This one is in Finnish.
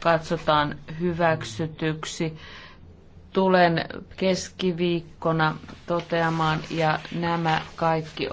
katsotaan hyväksytyksi. Tulen keskiviikkona toteamaan ja nämä kaikki